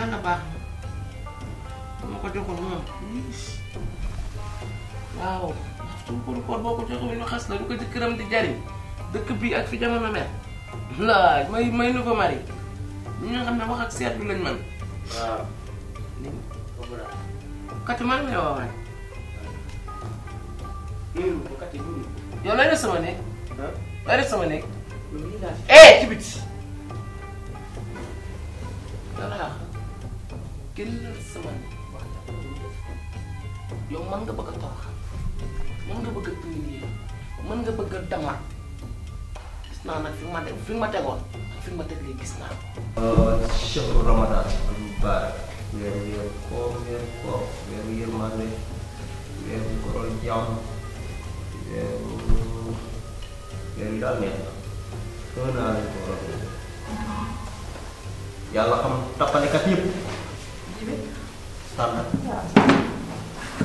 yan, apa? Ano ko dyan ko nga? Please. Wow. After ko na korba ko dyan ko may lakas na. Ano ka dyan kiram di jari? Ya, Dëkk bi ak fi jama mamer. Lord, may may nu ko mari. Ñi nga xam ne wax ak seetlu lañ man. Waaw. Ni man nga wax ya, rek. Yéru ko kati dulu. Yow lay def sama nekk. Huh? Lay def sama nekk. Eh, ci biti. Dara. كل سمان واحدة yow man nga bëgg a man nga bëgg a humilier man nga bëgg dama gis naa nak fi ma de fi ma tegoon fi ma teg gis naa cheikh ramadan lu baar weer weer koor weer koor ko xam sant.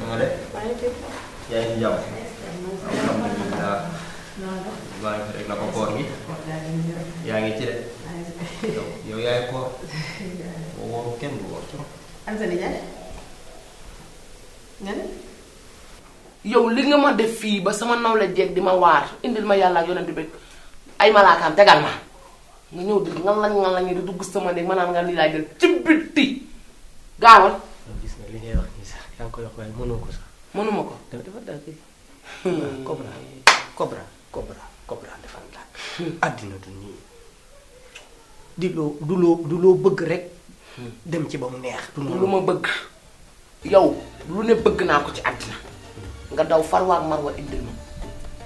na nga def. yaa ngi ci jàmm. na yaay koor. boo li nga ma def fii ba sama naw la jeeg di ma waar indil ma yàlla ak yonent bi ay malaakaam tegal ma nga ñëw di ngalañ ngalañ di dugg sama néeg ma naan nga lii laa jël ci Gawal. gis nga li ngay wax ni sax yang koy wax way mënoo ko sax. mënuma ko dama defar dal kii. Hmm. Cobra Cobra Cobra Cobra defar daal. adina hmm. du ni di lo du lo du lo bëgg rek hmm. dem ci ba neex. du lu ma bëgg yow lu ne bëgg naa ko ci adina nga daw ak marwa indi ma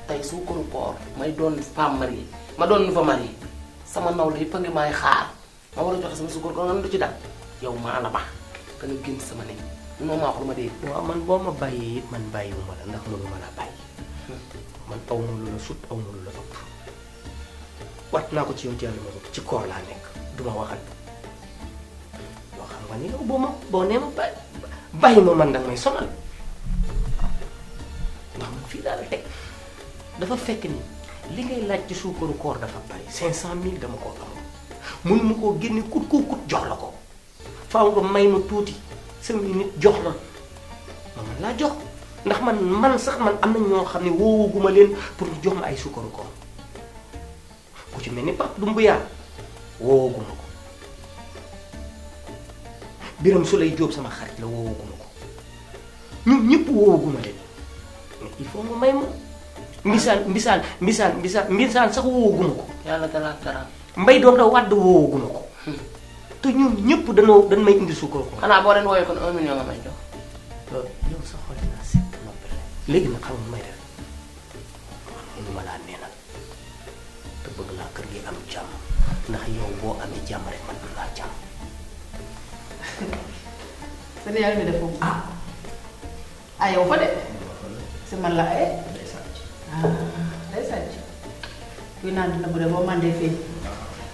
tey ko koor may doon femme mari ma doon nu fa mari sama nawle yëpp a ngi may xaar ma war a joxe sama sukur ko nga du ci dal yow maa la baax ka nga sama nekk no ma xul ma dee. waaw man boo ma bàyyi it man bàyyiwuma la ndax mënu ma la baye man aw ma lu la sut aw ma lu la top wat na ko ci yow ci yàlla ma ci koor la nek duma waxal yoo xam nga ni yow bo ma boo nee ma bàyyi bàyyi man dang may sonal ndax man fi dal tek dafa fekk ni li ngay laaj ci suukaru koor dafa bari 500000 dama ko amul mun ma génne kut kut jox la ko faawu may ma tuuti sama nit jox ma ma mën laa jox ndax man man sax man am na ñoo xam ne woowuguma leen pour ñu jox ma ay sukkaru koor ku ci mel pap dum bu ko biram su lay sama xarit la woowuguma ko ñun ñëpp woowuguma leen mais il faut ma may ma mbisaan mbisaan mbisaan mbisaan mbisaan sax woowuguma ko yàlla dara dara mbay doom ko te ñun ñëpp dañu dañ may indi suko ko xana bo leen wooyee kon 1 million nga may jox loolu yow sa xol na sekk ma la légui na xam nga may def ñu ma laa te bëgg laa kër gi am jamm ndax yow bo amé jamm rek man la jamm jàmm seen yaay mi defoo ah ah yow fa dé si man la ay eh? ndaysan ci ah ndaysan ci ñu naan na bu dé bo man dé fi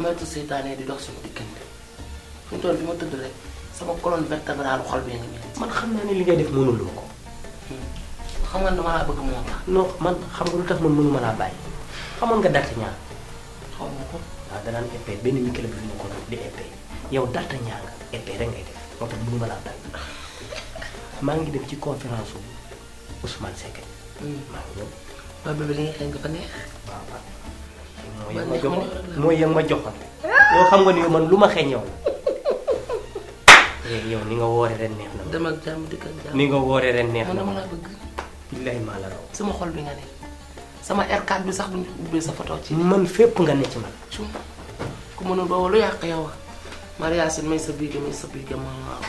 moytu setané di dox suñu diggante fu tol toll fi ma rek sama colonne vertébrale xol bi ngi man xam naa ne li ngay def lu ko. xam nga dama la bëgg mo tax. no man xam nga lu tax man mënuma la bay xam nga darte ñaan xam nga ko. da waaw danaan épée benn micro bi ñu ko di épée yow darte ñaan nga épée rek ngay def mo tax mënuma la bay ma ngi def ci conférence Ousmane Seck. ma ngi ñëw. ba bi li nga xam fa neex mooy yang ma jox mooy yëg ma joxoon yow xam nga ni man luma ma xeeñ yow eh, yow ni nga woré ren neex na dama ak jàmm dëkk ak ni nga woré ren neex na ma la bëgg billahi ma la raw sama xol bi nga ne sama R4 bi sax bu ñu sa photo ci man fepp nga ne ci man ku mënul do lu yaq yow ah. Maria sin may sa biige may sa biige ma waaw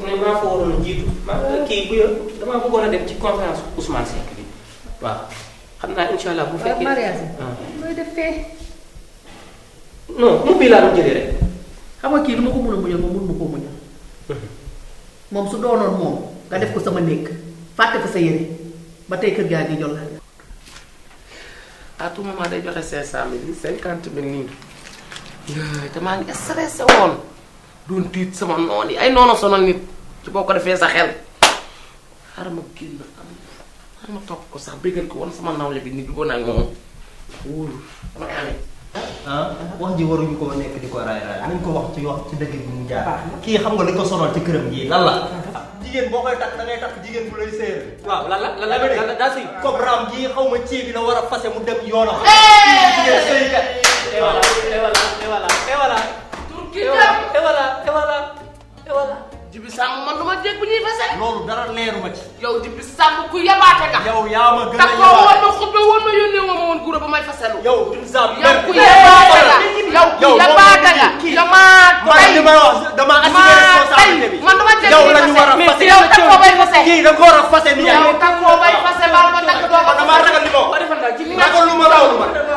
ne maa ko waroon jiitu maa kii bu yo dama bëggona dem ci conférence Ousmane Seck waaw xam naa incha allah bu fekkee mariage mooy def fee non mu bii laa jëlee rek xam nga kii lu ma ko a muñal moom mun ma koo muñal moom su doonoon moom nga def ko sama néeg fàtte fa sa yére ba tey kër gaa ngi jol la à tout moment day joxe cinq cent mille cinquante mille nii te maa ngi stressé woon tiit sama noon yi ay noonu sonal nit ci boo ko defee sa xel génn ma toog ko sax bégal ko kan woon sama nawle bi nit boo naa moom wóolu dama amee ah wax ji ko di ko raay nañ ko wax ci wax ci dëgg bi mu jaar kii xam nga li ko sonal ci këram ji lan la jigéen boo koy da ngay takk jigéen bu lay séer waaw lan la lan la lan daa sëy kobraam ji xaw ma ci bi la mu dem kat Jibi Samb man du ma jéeg bu fase. loolu dara leeru ma ci. yow Jibi Samb ku yabaate nga. yow yaa ma gën a yabaate taxaw ma xubbe woon ma ma woon guro ba may faselu. yow Jibi ku yabaate nga yow ku yabaate nga. damaa tey ma wax damaa assumer responsabilité bi. man du ma jéeg yow la ñu war a fase yow taxaw bay fase. kii da nga war a bay fase ba ma takk doo ma. man damaa li ma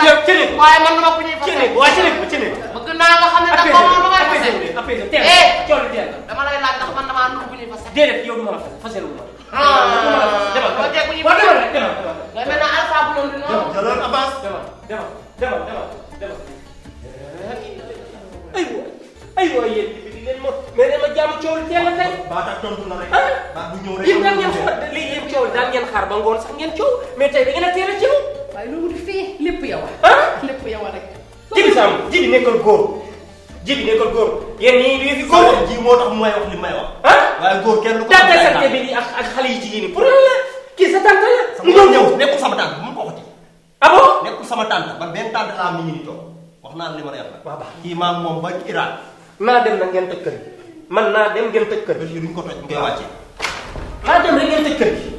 jëm ci leen waaye man dama ko ñuy ci leen waaye ci leen ci leen bëgg naa nga xam ne da ko ma may fasé appel teel eh ciol teel dama lay laaj ndax man dama ndu bu ñuy fasé déedéet yow duma la fasé wu ma ah dama ko dé bu ñuy fasé dama dama ngay mel na alpha bu non dina jalon waaye loolu fee lépp yow. Ya, ah lépp yow ya, rek. jibi sam jibi nekkal góor jibi nekkal góor yéen ñii ñu fi góor ji moo tax may wax li may wax. ah waaye góor kenn du ko. tànta sante bi ak ak xale yi jigéen pour la kii sa tànta la. mu doon ñëw sama tànta mu ko waxati. ah bon nekkul sama tànta man benn tànta ni wax li ma Iran. naa dem na ngeen tëj man naa dem ngeen tëj kër ko dem rek ngeen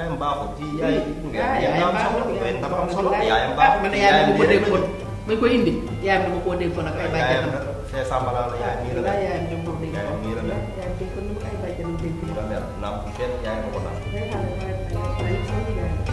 yaayam baaxul ci yaay. yaayam baaxul dafa am solo yaayam baaxul man yaayam dama ko déggoon bañ koy indi yaayam dama koo déggoon ak ay bàjjanam. fee Sambala la yaayam nii la la yaayam ñoom moom la yaayam nii la la yaayam déggoon na ko ay bàjjanam dégg la mer naam fenn yaayam ko naam